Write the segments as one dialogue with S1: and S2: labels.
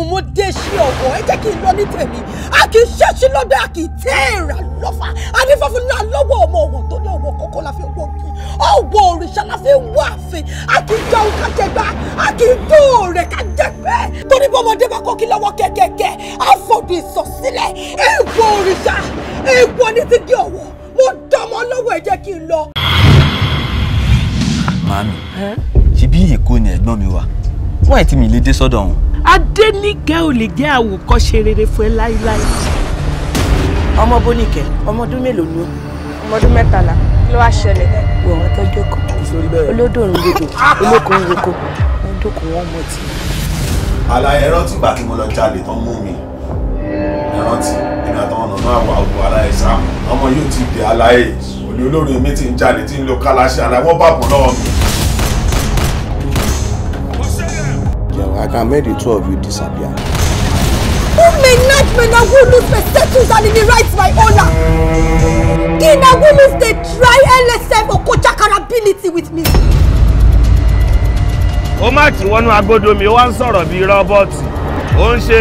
S1: ṣẹ́gun mo dé ṣí ọ̀wọ́ ẹ jẹ́ kí n lọ ní tèmi a kì í ṣẹ́ṣí lọ́dọ̀ a kì í tẹ́ èrà lọ́fà a ní fọ́fún náà lọ́wọ́ ọmọ ọ̀wọ́ tó ní ọ̀wọ́ kọ́kọ́ la fi kí ọ̀wọ́ òrìṣà la fi àfin a kì í jẹun ká jẹ gbá a kì í tó rẹ̀ ká jẹ pẹ́ torí bọ́mọdé bá kọ́ kí lọ́wọ́ kẹ́kẹ́kẹ́ a fọ̀dù ìsọ̀sílẹ̀ ìwọ òrìṣà ìwọ ní ti di ọ̀wọ́ mo dọmọ lọ́wọ́ ẹ jẹ́ kí n lọ.
S2: màámi ṣebí èkó ni ẹ̀gbọ́n mi wà wọ́n ẹ̀ tí mi lè dé sọ́dọ̀ wọn.
S1: Adéníkẹ́ ò lè jẹ́ àwòkọ́ṣe rere fún ẹ láíláí. ọmọ Bóníkẹ́ ọmọ ọdún mélòó ni ó. ọmọ ọdún mẹ́tàlá ló wá ṣẹlẹ̀. wọ àwọn tó jókòó olódò ń gbèdò olóko ń roko wọn dókòó wọn mọ tí.
S2: àlàyé rántí ìgbà tí mo lọ jalè tán mú mi rántí èmi àtàwọn ọ̀nà náà wà wọ àlàyé sáà ọmọ yóò ti dé àlàyé olè olórin mi ti ń jalè ti ń lo kálásì I can make the two of you disappear.
S1: Who may not men and women may settle down in the rights my honor? In a woman's they try LSM or Kochakara ability with me.
S2: Ó má ti wọnú agbódò mi, ó wá ń sọ̀rọ̀ bíi rọ́bọ́ọ̀tì. Ó ń ṣe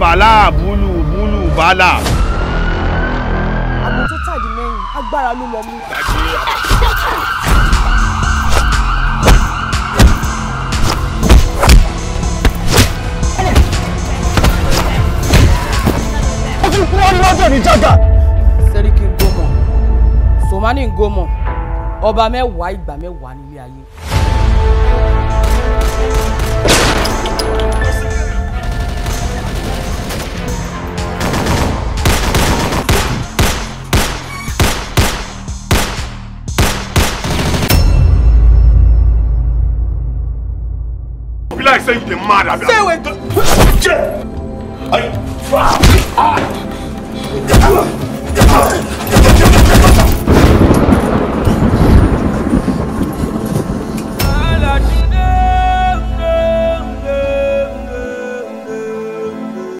S2: bàálà búlù búlù bàálà.
S1: Àbùtútà ìdí mẹ́rin, agbára ló lọ mú. wọ́n ní lọ́jọ́ ní jágà.
S2: sẹ́ríkì ń gómọ̀
S1: sòmánì ọba mẹ́wàá ìgbà mẹ́wàá nílé ayé.
S2: like say you dey mad abi. Stay away. Yeah. I. Ah. ah!